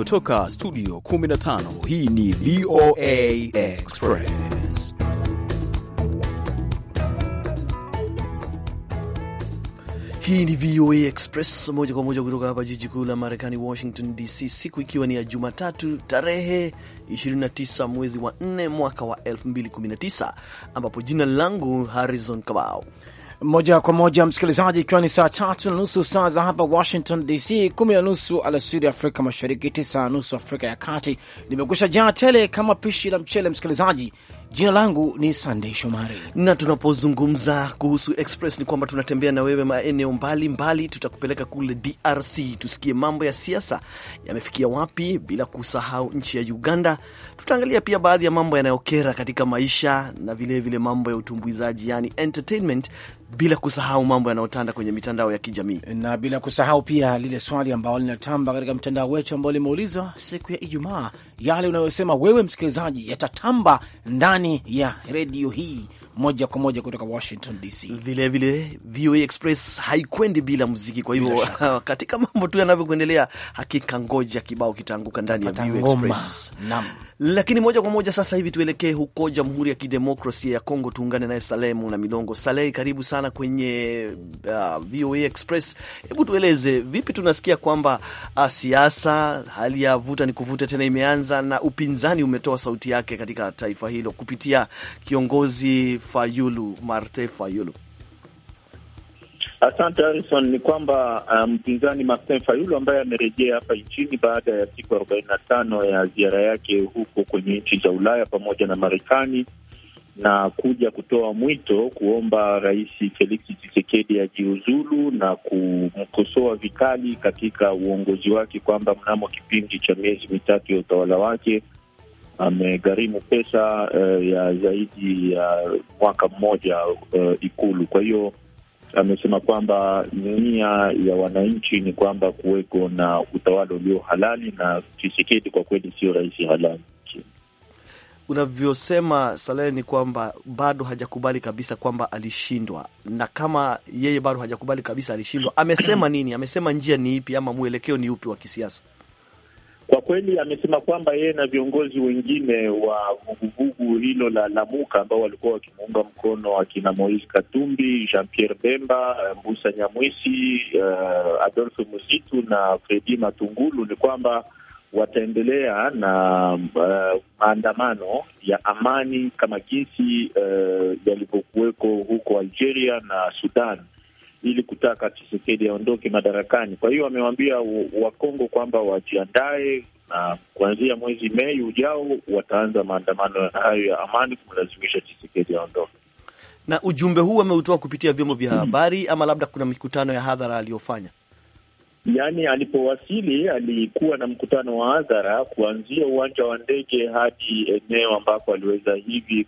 kutoka studio 15 hii ni VOA Express. Hii ni VOA Express moja kwa moja kutoka hapa jiji kuu la Marekani, Washington DC, siku ikiwa ni ya Jumatatu tarehe 29 mwezi wa 4 mwaka wa 2019, ambapo jina langu Harrison kabao moja kwa moja msikilizaji, ikiwa ni saa tatu na nusu saa za hapa Washington DC, kumi na nusu alasiri Afrika Mashariki, tisa na nusu Afrika ya Kati. Nimekusha jaa tele kama pishi la mchele, msikilizaji. Jina langu ni Sandei Shomari, na tunapozungumza kuhusu Express ni kwamba tunatembea na wewe maeneo mbalimbali, tutakupeleka kule DRC tusikie mambo ya siasa yamefikia wapi, bila kusahau nchi ya Uganda. Tutaangalia pia baadhi ya mambo yanayokera katika maisha na vilevile vile mambo ya utumbuizaji, yani entertainment bila kusahau mambo yanayotanda kwenye mitandao ya kijamii, na bila kusahau pia lile swali ambalo linatamba katika mtandao wetu ambao limeulizwa siku ya Ijumaa, yale unayosema wewe msikilizaji yatatamba ndani ya redio hii moja kwa moja kutoka Washington DC. Vilevile VOA Express haikwendi bila muziki, kwa hivyo katika mambo tu yanavyokuendelea, hakika ngoja kibao kitaanguka ndani ya VOA Express. Naam. Lakini moja kwa moja sasa hivi tuelekee huko Jamhuri ya Kidemokrasia ya Kongo, tuungane naye Salemu na Milongo. Salei, karibu sana sana kwenye uh, VOA Express. Hebu tueleze vipi, tunasikia kwamba uh, siasa, hali ya vuta ni kuvuta tena imeanza na upinzani umetoa sauti yake katika taifa hilo kupitia kiongozi Fayulu, Martin Fayulu. Asante Harison, ni kwamba uh, mpinzani um, Martin Fayulu ambaye amerejea hapa nchini baada ya siku arobaini na tano ya ziara yake huko kwenye nchi za Ulaya pamoja na Marekani na kuja kutoa mwito kuomba Rais Felix Tshisekedi ajiuzulu na kumkosoa vikali katika uongozi wake, kwamba mnamo kipindi cha miezi mitatu ya utawala wake amegharimu pesa uh, ya zaidi ya uh, mwaka mmoja uh, Ikulu. Kwa hiyo amesema kwamba nia ya wananchi ni kwamba kuweko na utawala ulio halali, na Tshisekedi kwa kweli sio rais halali unavyosema Saleh ni kwamba bado hajakubali kabisa kwamba alishindwa, na kama yeye bado hajakubali kabisa alishindwa, amesema nini? Amesema njia ni ipi ama mwelekeo ni upi wa kisiasa? Kwa kweli amesema kwamba yeye na viongozi wengine wa vuguvugu hilo la Lamuka ambao walikuwa wakimuunga mkono akina Moise Katumbi, Jean Pierre Bemba, Mbusa Nyamwisi, uh, Adolphe Musitu na Fredi Matungulu ni kwamba wataendelea na uh, maandamano ya amani kama jinsi uh, yalivyokuweko huko Algeria na Sudan ili kutaka Tshisekedi aondoke madarakani. Kwa hiyo wamewaambia Wakongo kwamba wajiandae na kuanzia mwezi Mei ujao wataanza maandamano hayo ya amani kumlazimisha Tshisekedi aondoke. Na ujumbe huu ameutoa kupitia vyombo vya mm-hmm. habari ama labda kuna mikutano ya hadhara aliyofanya? Yaani, alipowasili alikuwa na mkutano wa hadhara kuanzia uwanja wa ndege hadi eneo ambapo aliweza hivi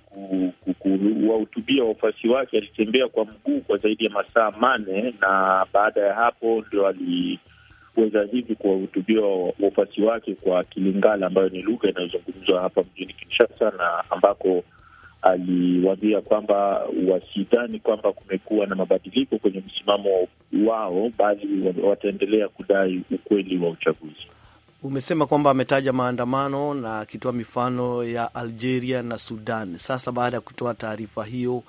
kuwahutubia wafuasi wake. Alitembea kwa mguu kwa zaidi ya masaa mane, na baada ya hapo ndio aliweza hivi kuwahutubia wafuasi wake kwa Kilingala, ambayo ni lugha inayozungumzwa hapa mjini Kinshasa na ambako aliwaambia kwamba wasidhani kwamba kumekuwa na mabadiliko kwenye msimamo wao, bali wataendelea kudai ukweli wa uchaguzi. Umesema kwamba ametaja maandamano na akitoa mifano ya Algeria na Sudan. Sasa baada ya kutoa taarifa hiyo,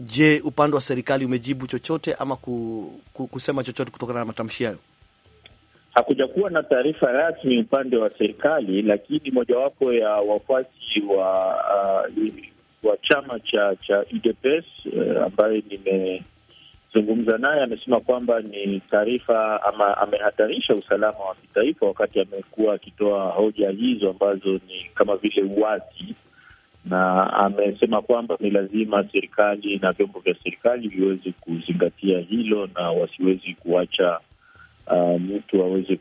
je, upande wa serikali umejibu chochote ama kusema chochote kutokana na matamshi hayo? Hakuja kuwa na taarifa rasmi upande wa serikali, lakini mojawapo ya wafuasi wa uh, wa chama cha cha UDPS uh, eh, ambaye nimezungumza naye amesema kwamba ni taarifa ama amehatarisha usalama wa kitaifa wakati amekuwa akitoa hoja hizo ambazo ni kama vile uwazi, na amesema kwamba ni lazima serikali na vyombo vya serikali viweze kuzingatia hilo na wasiwezi kuacha uh, mtu aweze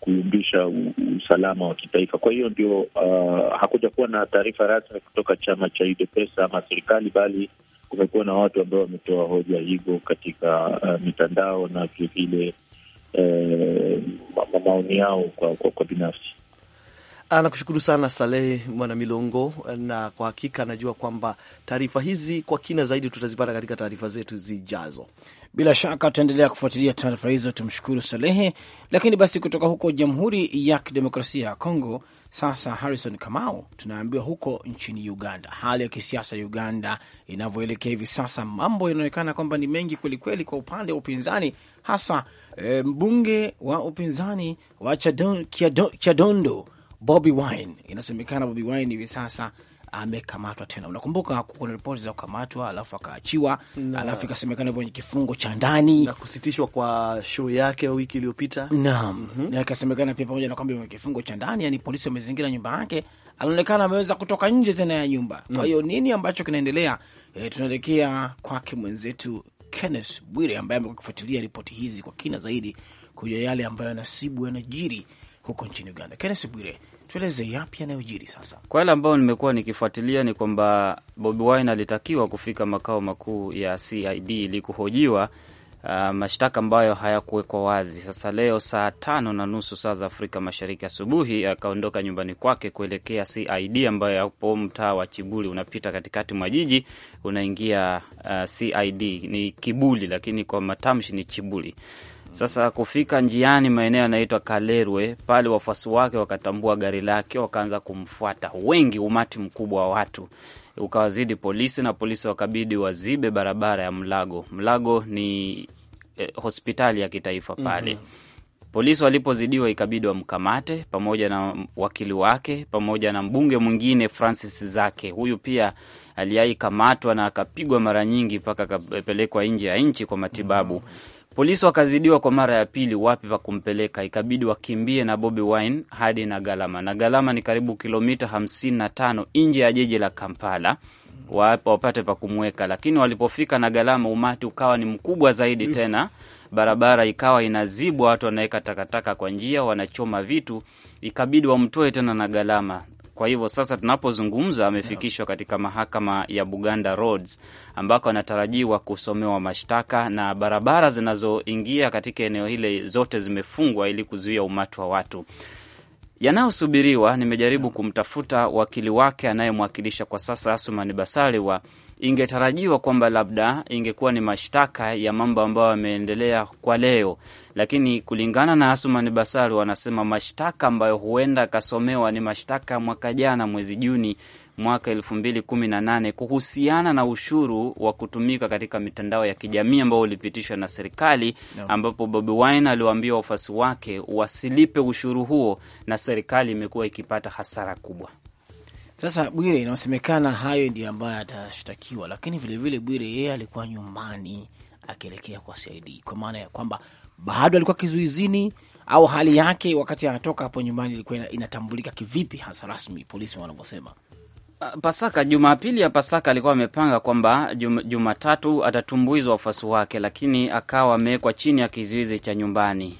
kuyumbisha usalama wa kitaifa. Kwa hiyo ndio uh, hakuja kuwa na taarifa rasmi kutoka chama cha UDPESA ama serikali, bali kumekuwa na watu ambao wametoa hoja hivyo katika uh, mitandao na vilevile uh, maoni yao kwa, kwa, kwa binafsi. Nakushukuru sana Salehe Mwanamilongo, na kwa hakika najua kwamba taarifa hizi kwa kina zaidi tutazipata katika taarifa zetu zijazo. Bila shaka tutaendelea kufuatilia taarifa hizo, tumshukuru Salehe. Lakini basi kutoka huko Jamhuri ya Kidemokrasia ya Kongo, sasa Harrison Kamau, tunaambiwa huko nchini Uganda hali ya kisiasa ya Uganda inavyoelekea hivi sasa, mambo yanaonekana kwamba ni mengi kwelikweli kwa upande wa upinzani, hasa e, mbunge wa upinzani wa Chadondo Bobi Wine. Inasemekana Bobi Wine hivi sasa amekamatwa tena. Unakumbuka kuna ripoti za kukamatwa alafu akaachiwa, alafu ikasemekana kwenye kifungo cha ndani na kusitishwa kwa show yake wiki iliyopita. Naam, mhm. na ikasemekana pia pamoja na kwamba kifungo cha ndani, yani polisi wamezingira nyumba yake, anaonekana ameweza kutoka nje tena ya nyumba. Kwa hiyo nini ambacho kinaendelea? E, tunaelekea kwake mwenzetu Kenneth Bwire ambaye amekufuatilia ripoti hizi kwa kina zaidi kujua yale ambayo yanasibu yanajiri huko nchini Uganda. Kennes Bwire, tueleze yapi yanayojiri sasa. Kwa yale ambayo nimekuwa nikifuatilia ni kwamba Bobi Wine alitakiwa kufika makao makuu ya CID ili kuhojiwa uh, mashtaka ambayo hayakuwekwa wazi. Sasa leo saa tano na nusu saa za Afrika Mashariki asubuhi akaondoka nyumbani kwake kuelekea CID ambayo yapo mtaa wa Chibuli, unapita katikati mwa jiji unaingia uh, CID ni Kibuli, lakini kwa matamshi ni Chibuli. Sasa kufika njiani maeneo yanaitwa Kalerwe pale, wafuasi wake wakatambua gari lake, wakaanza kumfuata wengi, umati mkubwa wa watu ukawazidi polisi, na polisi wakabidi wazibe barabara ya Mlago. Mlago ni eh, hospitali ya kitaifa pale. mm -hmm. Polisi walipozidiwa ikabidi wamkamate pamoja na wakili wake pamoja na mbunge mwingine Francis Zake. Huyu pia aliyai kamatwa na akapigwa mara nyingi mpaka akapelekwa nje ya nchi kwa matibabu. mm -hmm. Polisi wakazidiwa kwa mara ya pili wapi pa kumpeleka, ikabidi wakimbie na Bobi Wine hadi na na Galama ni karibu kilomita 55 nje ya jiji la Kampala wapate pa kumweka, lakini walipofika na Galama, umati ukawa ni mkubwa zaidi mm. Tena barabara ikawa inazibwa, watu wanaweka takataka kwa njia, wanachoma vitu, ikabidi wamtoe tena na Galama. Kwa hivyo sasa tunapozungumza amefikishwa katika mahakama ya Buganda Roads ambako anatarajiwa kusomewa mashtaka, na barabara zinazoingia katika eneo hile zote zimefungwa ili kuzuia umati wa watu. Yanayosubiriwa, nimejaribu kumtafuta wakili wake anayemwakilisha kwa sasa, Asumani Basali wa ingetarajiwa kwamba labda ingekuwa ni mashtaka ya mambo ambayo yameendelea kwa leo, lakini kulingana na Asuman basar wanasema mashtaka ambayo huenda akasomewa ni mashtaka ya mwaka jana mwezi Juni mwaka elfu mbili kumi na nane kuhusiana na ushuru wa kutumika katika mitandao ya kijamii ambao ulipitishwa na serikali no. ambapo Bobi Wine aliwaambia wafuasi wake wasilipe ushuru huo, na serikali imekuwa ikipata hasara kubwa. Sasa Bwire, inasemekana hayo ndio ambayo atashtakiwa, lakini vilevile Bwire, yeye alikuwa nyumbani akielekea kwa CID, kwa maana ya kwamba bado alikuwa kizuizini au hali yake wakati anatoka hapo nyumbani ilikuwa inatambulika kivipi hasa rasmi, polisi wanavyosema? Ah, Pasaka, Jumapili ya Pasaka alikuwa amepanga kwamba Jumatatu atatumbuizwa wafuasi wake, lakini akawa amewekwa chini ya kizuizi cha nyumbani.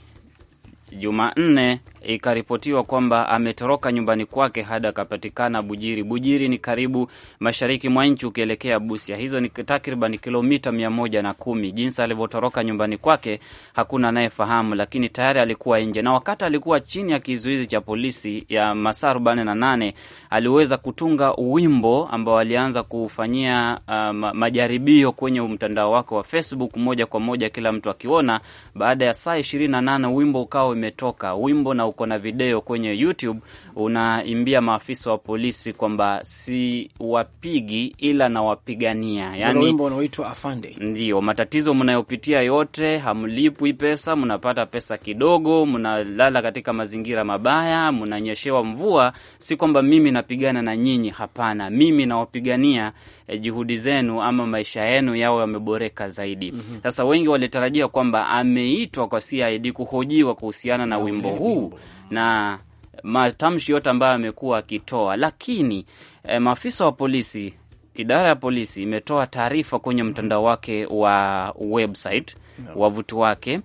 Jumanne ikaripotiwa kwamba ametoroka nyumbani kwake hadi akapatikana Bujiri. Bujiri ni karibu mashariki mwa nchi ukielekea Busia, hizo ni takriban kilomita mia moja na kumi. Jinsi alivyotoroka nyumbani kwake hakuna anayefahamu, lakini tayari alikuwa nje, na wakati alikuwa chini ya kizuizi cha polisi ya masaa arobaini na nane aliweza kutunga wimbo ambao alianza kufanyia uh, majaribio kwenye mtandao wake wa Facebook moja kwa moja, kila mtu akiona. Baada ya saa ishirini na nane wimbo ukawa umetoka wimbo na uko na video kwenye YouTube unaimbia maafisa wa polisi kwamba si wapigi ila nawapigania, yani wimbo unaoitwa Afande. Ndio matatizo mnayopitia yote, hamlipwi pesa, mnapata pesa kidogo, mnalala katika mazingira mabaya, mnanyeshewa mvua. Si kwamba mimi napigana na nyinyi, hapana, mimi nawapigania eh, juhudi zenu ama maisha yenu yao yameboreka zaidi. Mhm. Sasa mm -hmm. wengi walitarajia kwamba ameitwa kwa CID kuhojiwa kuhusiana na wimbo huu, na matamshi yote ambayo amekuwa akitoa, lakini eh, maafisa wa polisi, idara ya polisi imetoa taarifa kwenye mtandao wake wa website no. wavuti wake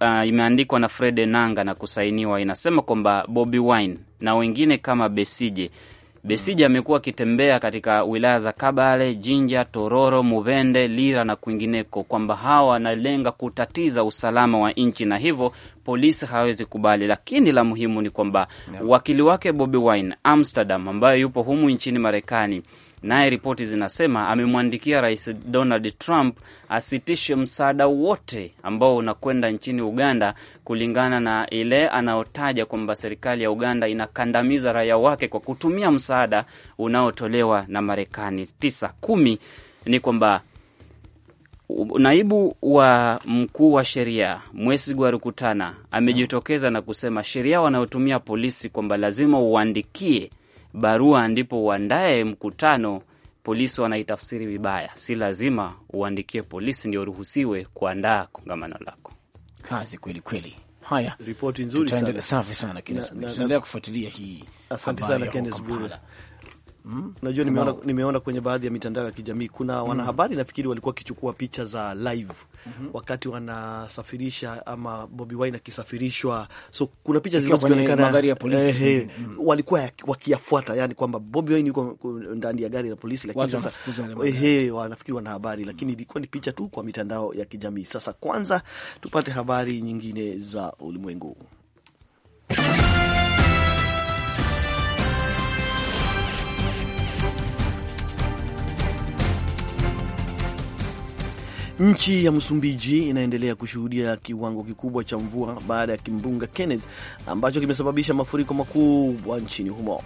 uh, imeandikwa na Fred nanga na kusainiwa, inasema kwamba Bobi Wine na wengine kama Besije Besija amekuwa akitembea katika wilaya za Kabale, Jinja, Tororo, Mubende, Lira na kwingineko, kwamba hawa wanalenga kutatiza usalama wa nchi na hivyo polisi hawezi kubali. Lakini la muhimu ni kwamba wakili wake Bobi Wine Amsterdam, ambayo yupo humu nchini Marekani Naye ripoti zinasema amemwandikia Rais Donald Trump asitishe msaada wote ambao unakwenda nchini Uganda, kulingana na ile anayotaja kwamba serikali ya Uganda inakandamiza raia wake kwa kutumia msaada unaotolewa na Marekani. tisa kumi ni kwamba naibu wa mkuu wa sheria Mwesigwa Rukutana amejitokeza na kusema sheria wanayotumia polisi kwamba lazima uandikie barua ndipo uandae mkutano, polisi wanaitafsiri vibaya. Si lazima uandikie polisi ndio uruhusiwe kuandaa kongamano lako. Kazi kweli kweli. Haya, ripoti nzuri sana, safi sana. kufuatilia hii. Asante sana Kennes Bure. Unajua, nimeona nimeona kwenye baadhi ya mitandao ya kijamii kuna mm. wanahabari mm nafikiri walikuwa wakichukua picha za live mm -hmm. wakati wanasafirisha ama Bobi Wine akisafirishwa, so kuna picha zilizoonekana magari ya polisi eh, mm walikuwa wakiyafuata, yani kwamba Bobi Wine yuko ndani ya gari la polisi, lakini sasa eh, wanafikiri wanahabari, lakini ilikuwa ni picha tu kwa mitandao ya kijamii. Sasa kwanza tupate habari nyingine za ulimwengu Nchi ya Msumbiji inaendelea kushuhudia kiwango kikubwa cha mvua baada ya kimbunga Kenneth ambacho kimesababisha mafuriko makubwa nchini humo.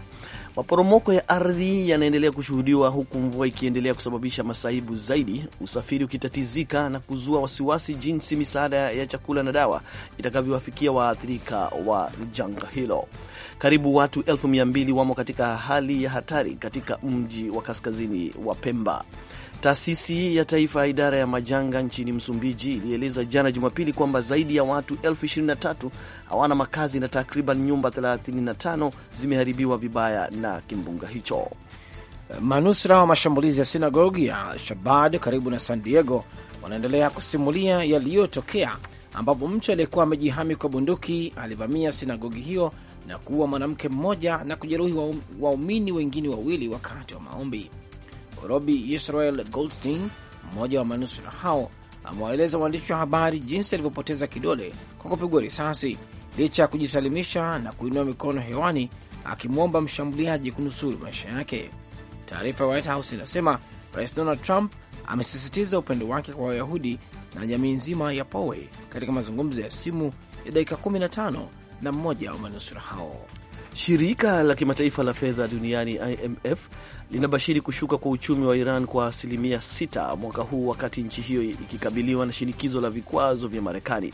Maporomoko ya ardhi yanaendelea kushuhudiwa huku mvua ikiendelea kusababisha masaibu zaidi, usafiri ukitatizika na kuzua wasiwasi jinsi misaada ya chakula na dawa itakavyowafikia waathirika wa janga hilo. Karibu watu elfu mia mbili wamo katika hali ya hatari katika mji wa kaskazini wa Pemba. Taasisi ya Taifa ya Idara ya Majanga nchini Msumbiji ilieleza jana Jumapili kwamba zaidi ya watu elfu 23 hawana makazi na takriban nyumba 35 zimeharibiwa vibaya na kimbunga hicho. Manusra wa mashambulizi ya sinagogi ya Shabad karibu na San Diego wanaendelea kusimulia yaliyotokea, ambapo mtu aliyekuwa amejihami kwa bunduki alivamia sinagogi hiyo na kuua mwanamke mmoja na kujeruhi waumini wengine wawili wakati wa maombi. Robi Israel Goldstein, mmoja wa manusura hao, amewaeleza waandishi wa habari jinsi alivyopoteza kidole kwa kupigwa risasi licha ya kujisalimisha na kuinua mikono hewani akimwomba mshambuliaji kunusuru maisha yake. Taarifa ya White House inasema Rais Donald Trump amesisitiza upendo wake kwa Wayahudi na jamii nzima ya Powe katika mazungumzo ya simu ya dakika 15 na mmoja wa manusura hao. Shirika la kimataifa la fedha duniani IMF linabashiri kushuka kwa uchumi wa Iran kwa asilimia 6 mwaka huu, wakati nchi hiyo ikikabiliwa na shinikizo la vikwazo vya Marekani.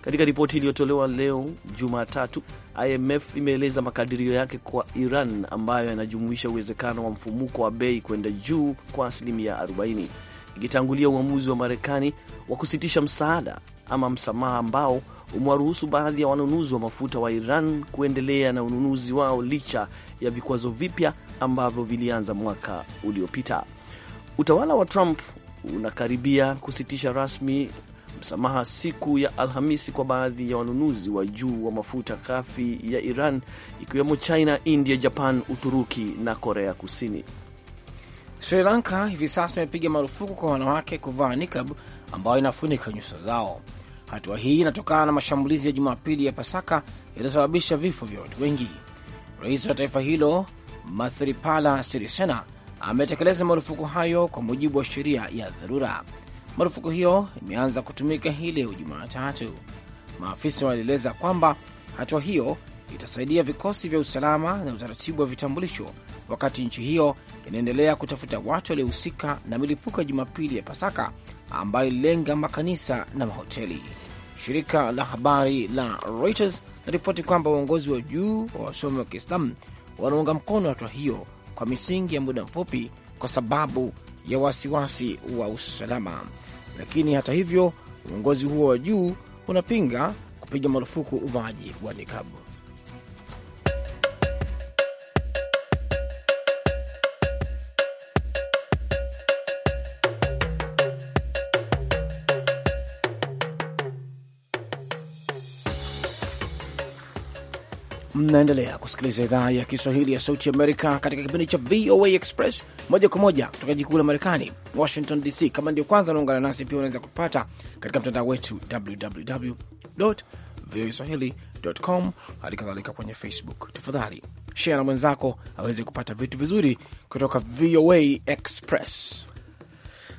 Katika ripoti iliyotolewa leo Jumatatu, IMF imeeleza makadirio yake kwa Iran ambayo yanajumuisha uwezekano wa mfumuko wa bei kwenda juu kwa asilimia 40, ikitangulia uamuzi wa Marekani wa kusitisha msaada ama msamaha ambao umewaruhusu baadhi ya wanunuzi wa mafuta wa Iran kuendelea na ununuzi wao licha ya vikwazo vipya ambavyo vilianza mwaka uliopita. Utawala wa Trump unakaribia kusitisha rasmi msamaha siku ya Alhamisi kwa baadhi ya wanunuzi wa juu wa mafuta ghafi ya Iran ikiwemo China, India, Japan, Uturuki na Korea Kusini. Sri Lanka hivi sasa imepiga marufuku kwa wanawake kuvaa nikab ambayo inafunika nyuso zao. Hatua hii inatokana na mashambulizi ya Jumapili ya Pasaka yaliyosababisha vifo vya watu wengi. Rais wa taifa hilo Mathripala Sirisena ametekeleza marufuku hayo kwa mujibu wa sheria ya dharura. Marufuku hiyo imeanza kutumika hii leo Jumatatu. Maafisa walieleza kwamba hatua hiyo itasaidia vikosi vya usalama na utaratibu wa vitambulisho, wakati nchi hiyo inaendelea kutafuta watu waliohusika na milipuko ya Jumapili ya Pasaka ambayo ililenga makanisa na mahoteli. Shirika la habari la Reuters naripoti kwamba uongozi wa juu wa wasomi wa Kiislamu wanaunga mkono hatua hiyo kwa misingi ya muda mfupi kwa sababu ya wasiwasi wa usalama. Lakini hata hivyo, uongozi huo wa juu unapinga kupiga marufuku uvaaji wa nikabu. Mnaendelea kusikiliza idhaa ya Kiswahili ya Sauti Amerika katika kipindi cha VOA Express moja kwa moja kutoka jikuu la Marekani, Washington DC. Kama ndio kwanza unaungana nasi, pia unaweza kupata katika mtandao wetu www voa swahilicom, hali kadhalika kwenye Facebook. Tafadhali share na mwenzako aweze kupata vitu vizuri kutoka VOA Express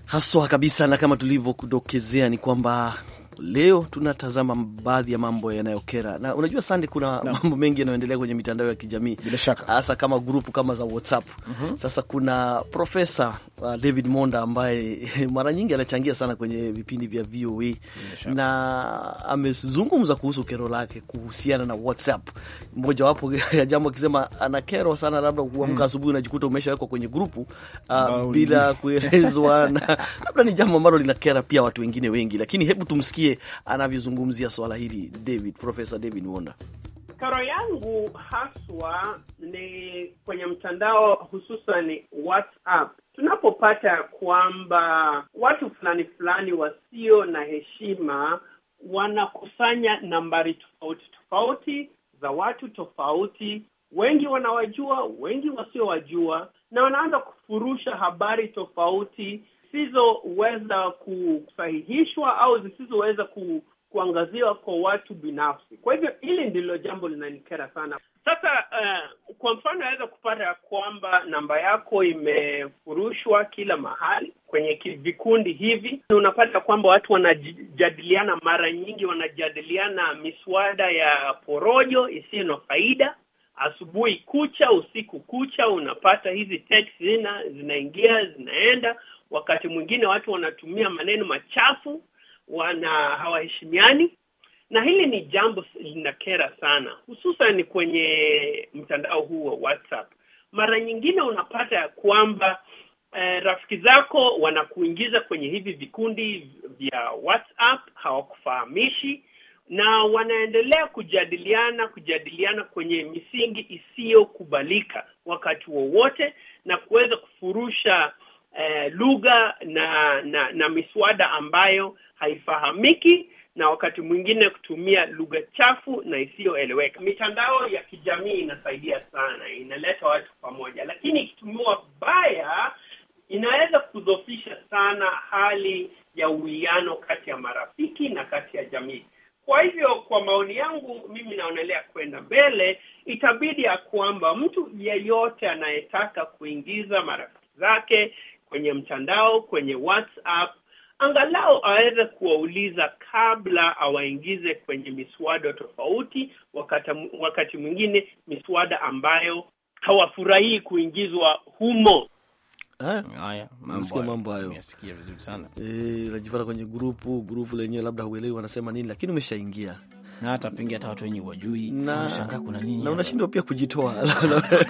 haswa kabisa. Na kama tulivyokudokezea ni kwamba Leo tunatazama baadhi ya mambo yanayokera, na unajua Sande, kuna no. mambo mengi yanayoendelea kwenye mitandao ya kijamii, hasa kama grupu kama za WhatsApp mm -hmm. Sasa kuna profesa uh, David Monda ambaye mara nyingi anachangia sana kwenye vipindi vya VOA na amezungumza kuhusu kero lake kuhusiana na WhatsApp, mojawapo ya jambo akisema ana kero sana, labda kuamka mm. asubuhi unajikuta umeshawekwa kwenye grupu uh, bila kuelezwa, na labda ni jambo ambalo linakera pia watu wengine wengi, lakini hebu tumsikie ndiye anavyozungumzia swala hili David, Profesa David Wonda. Karo yangu haswa ni kwenye mtandao, hususan WhatsApp. Tunapopata kwamba watu fulani fulani wasio na heshima wanakusanya nambari tofauti tofauti za watu tofauti, wengi wanawajua, wengi wasiowajua, na wanaanza kufurusha habari tofauti zisizoweza kusahihishwa au zisizoweza ku, kuangaziwa kwa watu binafsi. Kwa hivyo hili ndilo jambo linanikera sana. Sasa uh, kwa mfano naweza kupata kwamba namba yako imefurushwa kila mahali kwenye vikundi hivi. Unapata kwamba watu wanajadiliana, mara nyingi wanajadiliana miswada ya porojo isiyo na faida asubuhi kucha, usiku kucha, unapata hizi text zina zinaingia zinaenda. Wakati mwingine watu wanatumia maneno machafu, wana hawaheshimiani, na hili ni jambo linakera sana, hususan kwenye mtandao huu wa WhatsApp. Mara nyingine unapata ya kwamba eh, rafiki zako wanakuingiza kwenye hivi vikundi vya WhatsApp, hawakufahamishi na wanaendelea kujadiliana kujadiliana kwenye misingi isiyokubalika wakati wowote, na kuweza kufurusha eh, lugha na, na na miswada ambayo haifahamiki na wakati mwingine kutumia lugha chafu na isiyoeleweka. Mitandao ya kijamii inasaidia sana, inaleta watu pamoja, lakini ikitumiwa baya inaweza kudhofisha sana hali ya uwiano kati ya marafiki na kati ya jamii. Kwa hivyo, kwa maoni yangu mimi naonelea kwenda mbele, itabidi ya kwamba mtu yeyote anayetaka kuingiza marafiki zake kwenye mtandao, kwenye WhatsApp, angalau aweze kuwauliza kabla awaingize kwenye miswada tofauti, wakati, wakati mwingine miswada ambayo hawafurahii kuingizwa humo. Eh? Haya, mambo hayo, nasikia vizuri sana. Eh, kwenye grupu, grupu lenyewe labda huelewi wanasema nini, lakini umeshaingia na hata pengine hata watu wenye wajui unashangaa kuna nini na unashindwa pia kujitoa.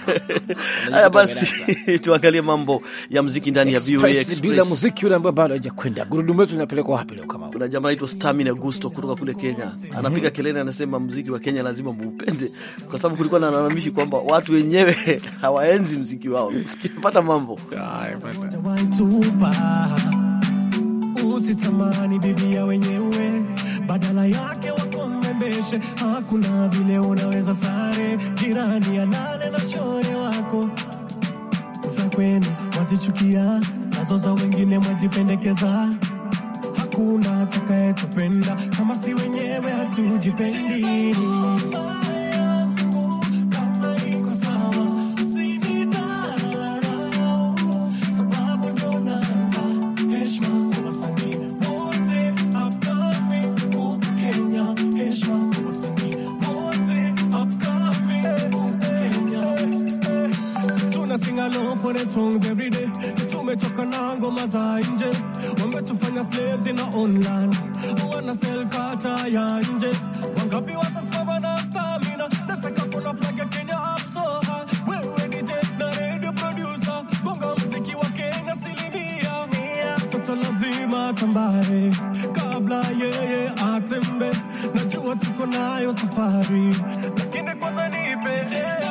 Haya basi, tuangalie mambo ya muziki ndani ya VOA Express. Bila muziki ule ambao bado hajakwenda, gurudumu letu linapelekwa wapi leo? Kama kuna jamaa anaitwa Stamina Gusto kutoka kule Kenya, anapiga kelele, anasema muziki wa Kenya lazima muupende, kwa sababu kulikuwa na malalamishi kwamba watu wenyewe hawaenzi muziki wao. Msikie pata mambo usitamani bibia wenyewe badala yake wakumbembeshe. Hakuna vile unaweza sare jirani ya nane na shore wako za kwenu wazichukia nazo za wengine mwajipendekeza. Hakuna atakayetupenda kama si wenyewe hatujipendi. for them songs every day. You two me chuck and go maza inje. One bet to find slaves in our own land. Who wanna sell culture ya inje. One copy what a stubborn and stamina. That's a couple of flag Kenya up so high. We're ready to na radio producer. Gonga mziki wa Kenya asilimia mia. Toto lazima tambare. Kabla yeye atembe. Najua tuko nayo safari. Lakini kwanza nipe. Yeah.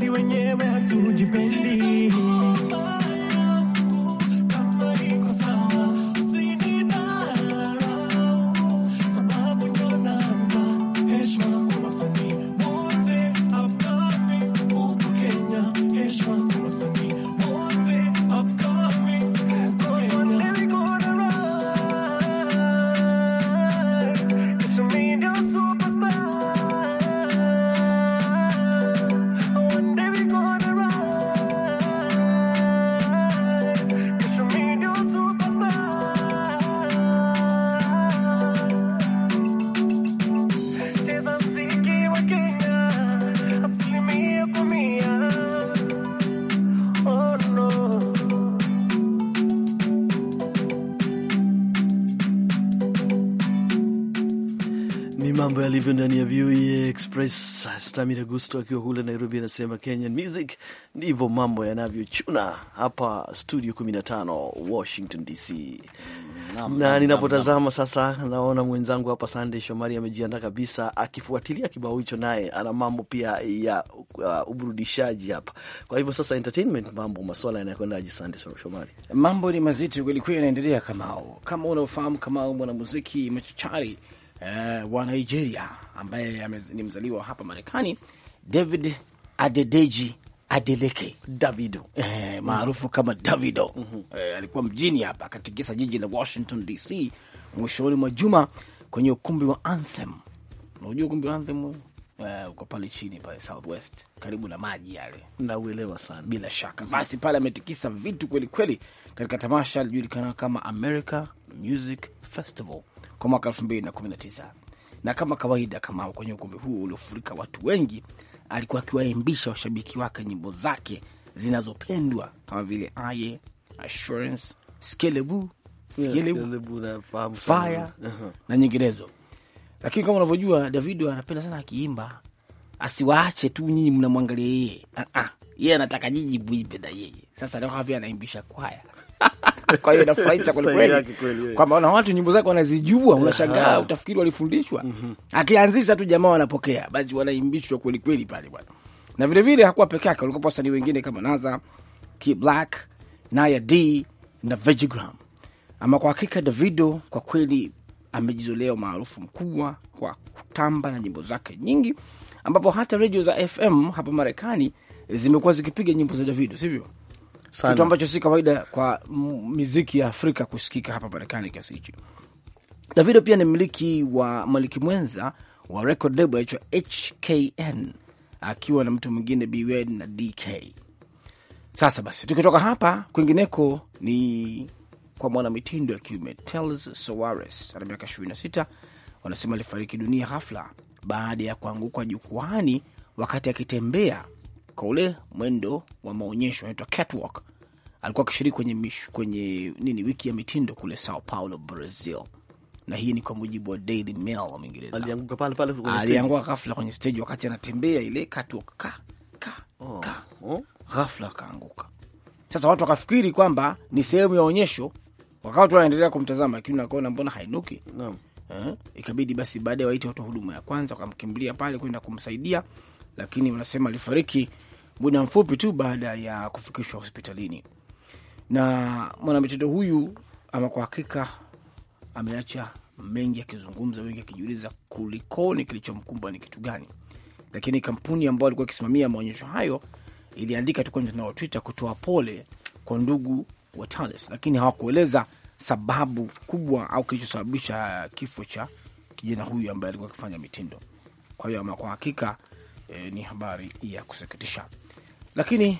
see when you Ni mambo yalivyo ndani ya VOA e Express. Stamina Agusto akiwa hule Nairobi anasema Kenyan music ndivyo mambo yanavyochuna hapa studio 15 Washington DC. na ninapotazama sasa naona mwenzangu hapa Sandey Shomari amejiandaa kabisa, akifuatilia kibao hicho, naye ana mambo pia ya uh, uburudishaji hapa. Kwa hivyo sasa entertainment, mambo maswala yanakwendaje? Sandey Shomari, mambo ni mazito kwelikweli, yanaendelea Kamao kama unaofahamu Kamao, mwanamuziki machachari uh, wa Nigeria ambaye ni mzaliwa hapa Marekani, David Adedeji Adeleke Davido eh, maarufu kama Davido mm -hmm. Eh, alikuwa mjini hapa akatikisa jiji la Washington DC mwishoni mwa juma kwenye ukumbi wa Anthem. Unajua ukumbi wa Anthem eh, uko pale chini pale Southwest karibu na maji yale, nauelewa sana bila shaka. Basi pale ametikisa vitu kweli kweli katika tamasha lijulikana kama America Music Festival kwa mwaka elfu mbili na kumi na na tisa kama kawaida, kama kwenye ukumbi huu uliofurika watu wengi, alikuwa akiwaimbisha washabiki wake nyimbo zake zinazopendwa kama vile Aye, Assurance, Skelebu, Skelebu na Fire uh-huh. na nyinginezo. Lakini kama unavyojua, Davido anapenda sana akiimba, asiwaache tu nyinyi mnamwangalia yeye. Uh -uh. Yeye anataka nyinyi muimbe na yeye. Sasa ndio anaimbisha kwaya Kwa hiyo inafurahisha eh. kwamba na watu nyimbo zake wanazijua, unashangaa, utafikiri walifundishwa. Mhm. Akianzisha tu jamaa wanapokea, basi wanaimbishwa pale bwana. Na hakuwa peke yake, walikuwa wasanii wengine kama Naza Black, Naya D na Ama kwa hakika Davido kwa kweli amejizolea umaarufu mkubwa kwa kutamba na nyimbo zake nyingi, ambapo hata redio za FM hapa Marekani zimekuwa zikipiga nyimbo za Davido, sivyo? kitu ambacho si kawaida kwa miziki ya Afrika kusikika hapa Marekani kiasi hichi Davido pia ni mmiliki wa maliki mwenza wa record label yaitwa HKN akiwa na mtu mwingine b na DK. Sasa basi, tukitoka hapa kwingineko ni kwa mwanamitindo ya kiume Tels Soares ana miaka 26, wanasema alifariki dunia ghafla baada ya kuanguka jukwani wakati akitembea kwa ule mwendo wa maonyesho anaitwa catwalk. Alikuwa akishiriki kwenye, kwenye nini wiki ya mitindo kule Sao Paulo, Brazil, na hii ni kwa mujibu wa Daily Mail wa Uingereza. Alianguka pale pale kwenye stage, alianguka ghafla kwenye stage wakati anatembea ile catwalk, ka ka oh. ka, ghafla kaanguka. Sasa watu wakafikiri kwamba ni sehemu ya onyesho, wakati watu wanaendelea kumtazama, lakini nakuona mbona hainuki. Naam. Eh, ikabidi basi baadaye waite watu wa huduma ya kwanza wakamkimbilia pale kwenda kumsaidia lakini wanasema alifariki muda mfupi tu baada ya kufikishwa hospitalini. Na mwanamitindo huyu ama kwa hakika ameacha mengi akizungumza, wengi akijiuliza kulikoni, kilichomkumba ni kitu gani? Lakini kampuni ambayo alikuwa akisimamia maonyesho hayo iliandika tu kwenye mtandao wa Twitter kutoa pole kwa ndugu wa Tales, lakini hawakueleza sababu kubwa au kilichosababisha kifo cha kijana huyu ambaye alikuwa akifanya mitindo. Kwa hiyo ama kwa hakika e, ni habari ya kusikitisha, lakini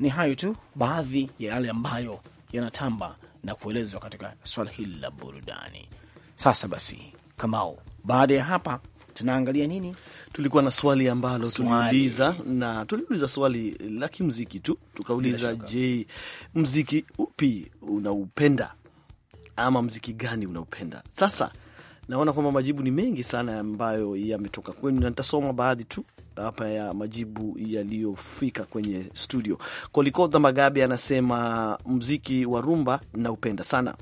ni hayo tu baadhi ya yale ambayo yanatamba na kuelezwa katika swala hili la burudani. Sasa basi, Kamau, baada ya hapa tunaangalia nini? Tulikuwa na swali ambalo tuliuliza, na tuliuliza swali la kimziki tu, tukauliza, je, mziki upi unaupenda ama mziki gani unaupenda? Sasa naona kwamba majibu ni mengi sana ambayo yametoka kwenu, na nitasoma baadhi tu hapa ya majibu yaliyofika kwenye studio. Kolikodha Magabe anasema mziki wa rumba naupenda sana.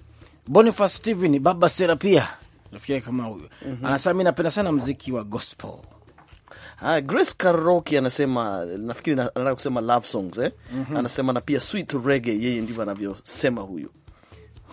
Boniface Steven Baba Sera pia nafikiri kama huyo mm -hmm. anasema mi napenda sana mziki wa gospel. Ah, Grace Karoki anasema nafikiri anataka kusema love songs eh? mm -hmm. anasema na pia sweet reggae, yeye ndivyo anavyosema huyu.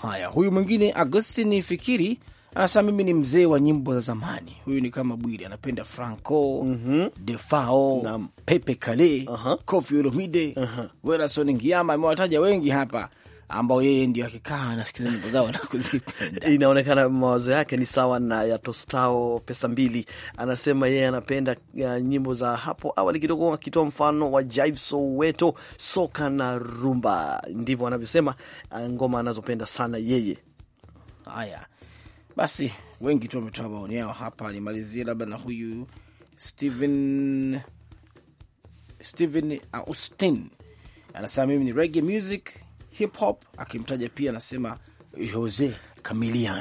Haya, huyu mwingine Agustini Fikiri anasema mimi ni mzee wa nyimbo za zamani. Huyu ni kama Bwiri, anapenda Franco mm -hmm. Defao na Pepe Kale uh -huh. Kofi Olomide uh -huh. Werason Ngiama, amewataja wengi hapa ambao yeye ndio akikaa anasikiza nyimbo zao na kuzipenda. Inaonekana mawazo yake ni sawa na ya Tostao pesa mbili. Anasema yeye anapenda uh, nyimbo za hapo awali kidogo, akitoa mfano wa Jive Soweto, soka na rumba. Ndivyo anavyosema uh, ngoma anazopenda sana yeye. Haya, ah, basi wengi tu wametoa maoni yao hapa. Nimalizie labda na huyu Steven, Steven Austin anasema mimi ni reggae music hip hop, akimtaja pia anasema Jose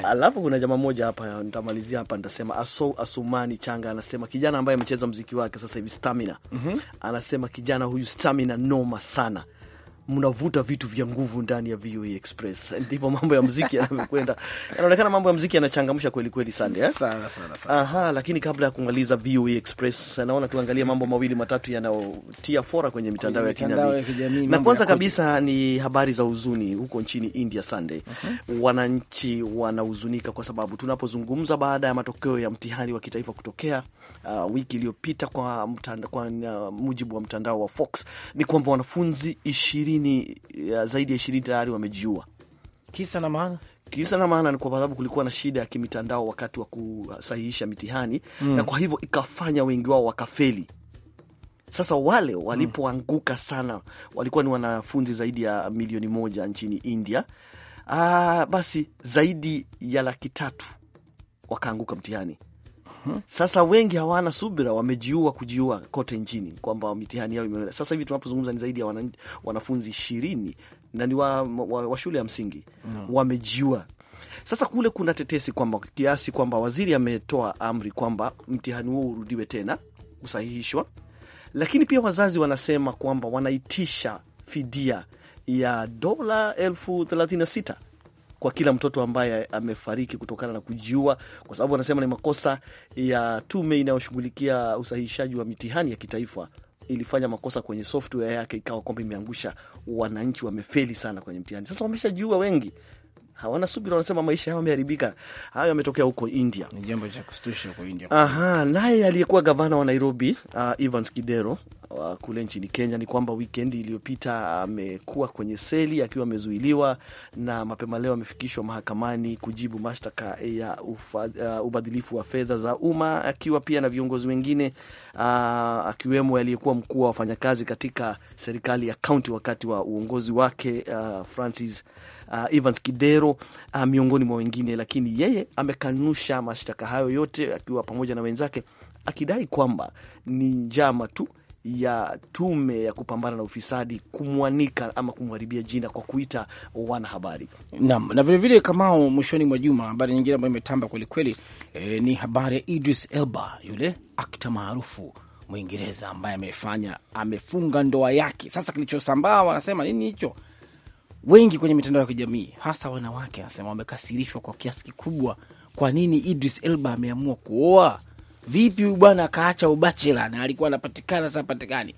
Alafu kuna jamaa moja hapa, nitamalizia hapa, nitasema Aso Asumani Changa anasema kijana ambaye amecheza mziki wake sasa hivi Stamina. mm -hmm. Anasema kijana huyu Stamina noma sana mnavuta vitu vya nguvu ndani ya VOA e Express. Ndipo mambo ya muziki yanavyokwenda, yanaonekana mambo ya muziki yanachangamsha kweli kweli, sande eh? sana, sana, sana. Aha, lakini kabla ya kumaliza VOA e Express, naona tuangalie mambo mawili matatu yanayotia fora kwenye mitandao ya kijamii, na kwanza kabisa ni habari za huzuni huko nchini India, sande uh mhm. -huh. Wananchi wanahuzunika kwa sababu tunapozungumza, baada ya matokeo ya mtihani wa kitaifa kutokea uh, wiki iliyopita kwa, kwa uh, mujibu wa mtandao wa Fox ni kwamba wanafunzi ishirini uh, zaidi ya ishirini tayari wamejiua. Kisa na maana kisa na maana ni kwa sababu kulikuwa na shida ya kimitandao wakati wa kusahihisha mitihani mm. na kwa hivyo ikafanya wengi wao wakafeli. Sasa wale walipoanguka sana walikuwa ni wanafunzi zaidi ya milioni moja nchini India. Aa, ah, basi zaidi ya laki tatu wakaanguka mtihani sasa wengi hawana subira, wamejiua kujiua kote nchini kwamba mitihani yao imeenda. Sasa hivi tunapozungumza ni zaidi ya wana, wanafunzi ishirini na ni wa, wa, wa shule ya msingi -hmm. wamejiua sasa kule kuna tetesi kwamba kiasi kwamba waziri ametoa amri kwamba mtihani huo urudiwe tena kusahihishwa, lakini pia wazazi wanasema kwamba wanaitisha fidia ya dola elfu thelathini na sita kwa kila mtoto ambaye amefariki kutokana na kujiua, kwa sababu wanasema ni makosa ya tume inayoshughulikia usahihishaji wa mitihani ya kitaifa ilifanya makosa kwenye software yake, ikawa kwamba imeangusha wananchi, wamefeli sana kwenye mtihani. Sasa wameshajiua wengi, hawana subira, wanasema maisha yao yameharibika. Hayo yametokea huko India, ni jambo cha kustusha India. Aha, naye aliyekuwa gavana wa Nairobi uh, Evans Kidero uh, kule nchini Kenya ni kwamba wikendi iliyopita amekuwa kwenye seli akiwa amezuiliwa, na mapema leo amefikishwa mahakamani kujibu mashtaka ya uh, ubadhilifu wa fedha za umma akiwa pia na viongozi wengine uh, akiwemo aliyekuwa mkuu wa wafanyakazi katika serikali ya kaunti wakati wa uongozi wake uh, Francis Uh, Evans Kidero uh, miongoni mwa wengine, lakini yeye amekanusha mashtaka hayo yote akiwa pamoja na wenzake akidai kwamba ni njama tu ya tume ya kupambana na ufisadi kumwanika ama kumharibia jina kwa kuita wanahabari nam. Na vilevile Kamao, mwishoni mwa juma habari nyingine ambayo imetamba kwelikweli e, ni habari ya Idris Elba, yule akta maarufu Mwingereza ambaye amefanya amefunga ndoa yake. Sasa kilichosambaa wanasema nini hicho? Wengi kwenye mitandao ya kijamii hasa wanawake anasema wamekasirishwa kwa kiasi kikubwa. Kwa nini Idris Elba ameamua kuoa vipi huyu bwana akaacha ubachela na alikuwa anapatikana sasa patikani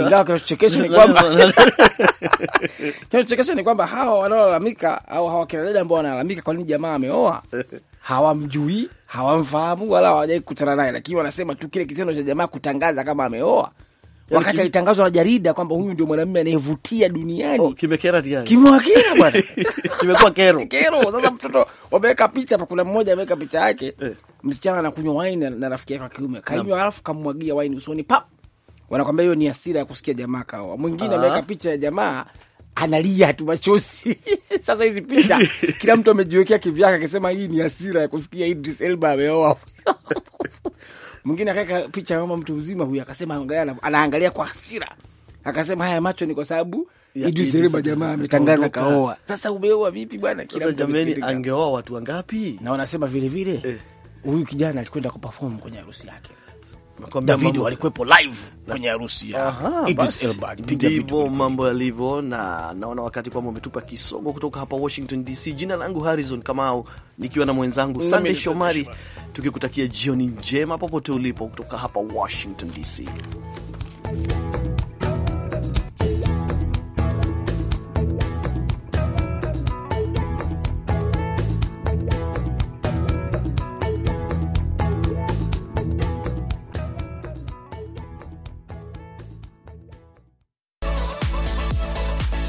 ah. ingawa kinachochekesha ni kwamba kinachochekesha ni kwamba hawa wanaolalamika au hawa kinadada dada ambao wanalalamika kwa nini jamaa ameoa, hawamjui, hawamfahamu, wala hawajai kukutana naye, lakini wanasema tu kile kitendo cha jamaa kutangaza kama ameoa wakati alitangazwa na jarida kwamba huyu ndio mwanamume anayevutia duniani. Oh, kimekera tayari, kimewakera bwana, kimekuwa kero kero. Sasa mtoto wameweka picha hapa, kuna mmoja ameweka picha yake eh, msichana anakunywa wine na rafiki yake wa kiume kainywa, alafu kamwagia wine usoni pap, wanakwambia hiyo ni hasira ya kusikia jamaa kawa. Mwingine ah. ameweka picha ya jamaa analia tu machozi. Sasa hizi picha kila mtu amejiwekea kivyake, akisema hii ni hasira ya kusikia Idris Elba ameoa. Mwingine akaweka picha ya mama mtu mzima huyu, akasema anaangalia kwa hasira, akasema haya macho ni kwa sababu Iduzereba jamaa ametangaza kaoa. Sasa umeoa vipi bwana? Kila jamani, angeoa watu wangapi? Na wanasema vilevile eh. huyu eh, kijana alikwenda kuperform kwenye harusi yake David walikuwepo live kwenye harusi ya Idris Elba. Ndivyo mambo yalivyo, na naona wakati kwamba umetupa kisogo. Kutoka hapa Washington DC, jina langu Harrison Kamau, nikiwa na mwenzangu Sande Shomari, tukikutakia jioni njema popote ulipo, kutoka hapa Washington DC.